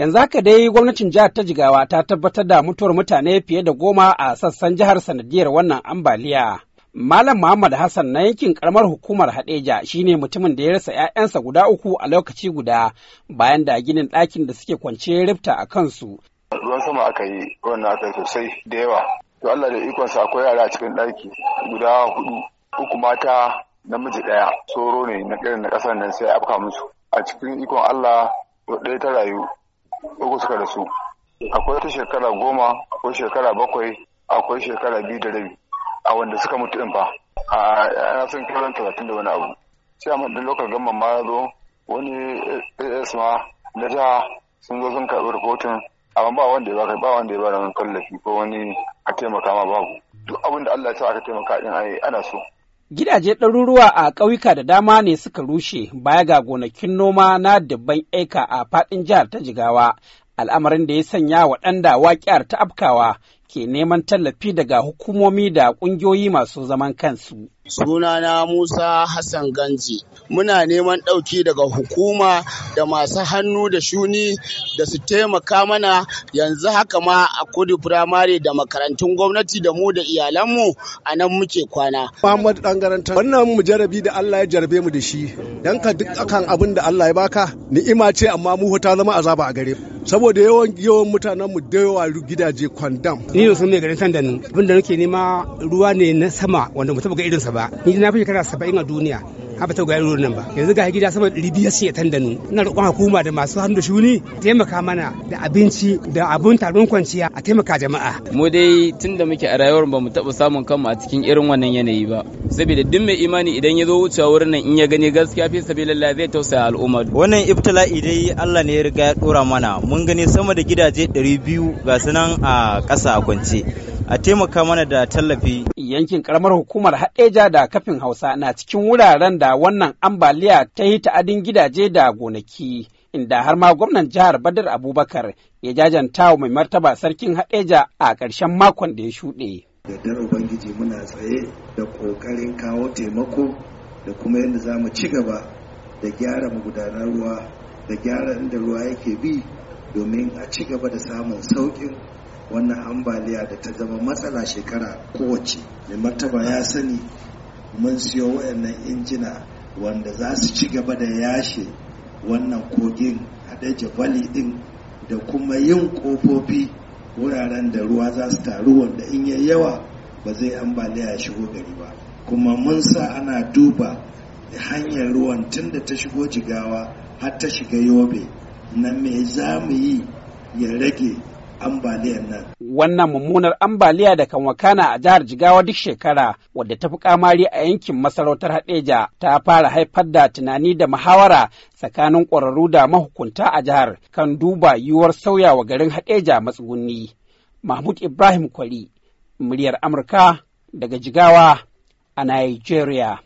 Yanzu haka dai gwamnatin jihar ta Jigawa ta tabbatar da mutuwar mutane fiye da goma a sassan jihar sanadiyar wannan ambaliya. Malam Muhammad Hassan na yankin karamar hukumar Hadeja shine mutumin da ya rasa 'ya'yansa guda uku a lokaci guda bayan da ginin ɗakin da suke kwance rifta a kansu. Ruwan sama aka yi wannan aka yi sosai da yawa. To Allah da ikon sa akwai yara a cikin ɗaki guda hudu, uku mata namiji ɗaya, soro ne na irin na ƙasar nan sai afka musu. A cikin ikon Allah ɗaya ta rayu uku suka rasu akwai ta shekara goma akwai shekara bakwai akwai shekara biyu da rabi a wanda suka mutu din fa a yana sun kiran talatin da wani abu sai a madadin lokal gamban ma ya zo wani as eh, eh, ma na jiha sun zo sun karɓi rahoton amma ba wanda ya kai ba wanda ya bada wani tallafi ko wani a taimaka ma babu duk abin da Allah ya sa aka taimaka din ai ana so Gidaje ɗaruruwa a ƙauyuka da dama ne suka rushe baya ga gonakin noma na dabban eka a faɗin jihar ta Jigawa, al'amarin da ya sanya waɗanda waƙiyar ta afkawa ke neman tallafi daga hukumomi da ƙungiyoyi masu zaman kansu. Sunana Musa Hassan Ganji. Muna neman ɗauki daga hukuma da masu hannu da shuni da su taimaka mana yanzu haka ma a kudu firamare da makarantun gwamnati da mu da iyalanmu a nan muke kwana. Muhammad Dangaranta. Wannan jarabi da Allah ya jarabe mu da shi. don ka duk akan abin da Allah ya baka ni'ima ce amma mu ta zama azaba a gare. Saboda yawan yawan mutanenmu da yawa gidaje kwandam. ni yau sun mai garin sandan nan abinda nake nema ruwa ne na sama wanda mu ta ga irinsa ba ni na fi shekara 70 a duniya a ta gwayar ruwan nan ba yanzu ga gida sama ɗari biyar ce tan da nu ina roƙon hukuma da masu hannu da shuni taimaka mana da abinci da abun taron kwanciya a taimaka jama'a mu dai tunda muke a rayuwar ba mu taɓa samun kanmu a cikin irin wannan yanayi ba saboda duk mai imani idan ya zo wucewa wurin nan in ya gani gaskiya fi sabilillah zai tausaya al'umma wannan ibtila'i dai Allah ne ya riga ya dora mana mun gani sama da gidaje 200 ga sunan a ƙasa a kwance a taimaka mana da tallafi yankin karamar hukumar haɗeja da kafin hausa na cikin wuraren da wannan ambaliya ta yi ta'adin gidaje da gonaki inda har ma gwamnan jihar badar abubakar ya jajanta wa mai martaba sarkin haɗeja a ƙarshen makon da ya shuɗe. da ubangiji muna tsaye da ƙoƙarin kawo taimako da kuma yadda za mu ci gaba da gyara magudanar ruwa da gyara inda ruwa yake bi domin a ci gaba da samun sauƙin wannan ambaliya da ta zama matsala shekara kowace mai martaba ya sani mun siyo waɗannan injina wanda za su ci gaba da yashe wannan kogin haɗe jabali ɗin da kuma yin kofofi wuraren da ruwa za su taru wanda in yi yawa ba zai ambaliya ya shigo gari ba kuma mun sa ana duba hanyar ruwan tun da ta shigo jigawa har ta shiga yobe na me za mu yi ya rage ambaliyar nan. Wannan mummunar ambaliya da kan wakana a jihar Jigawa duk shekara wadda ta fi kamari a yankin masarautar Hadeja ta fara haifar da tunani da muhawara tsakanin ƙwararru da mahukunta a jihar kan duba yiwuwar sauyawa garin Hadeja matsugunni. Mahmud Ibrahim Kwari, muryar Amurka daga Jigawa a Nigeria.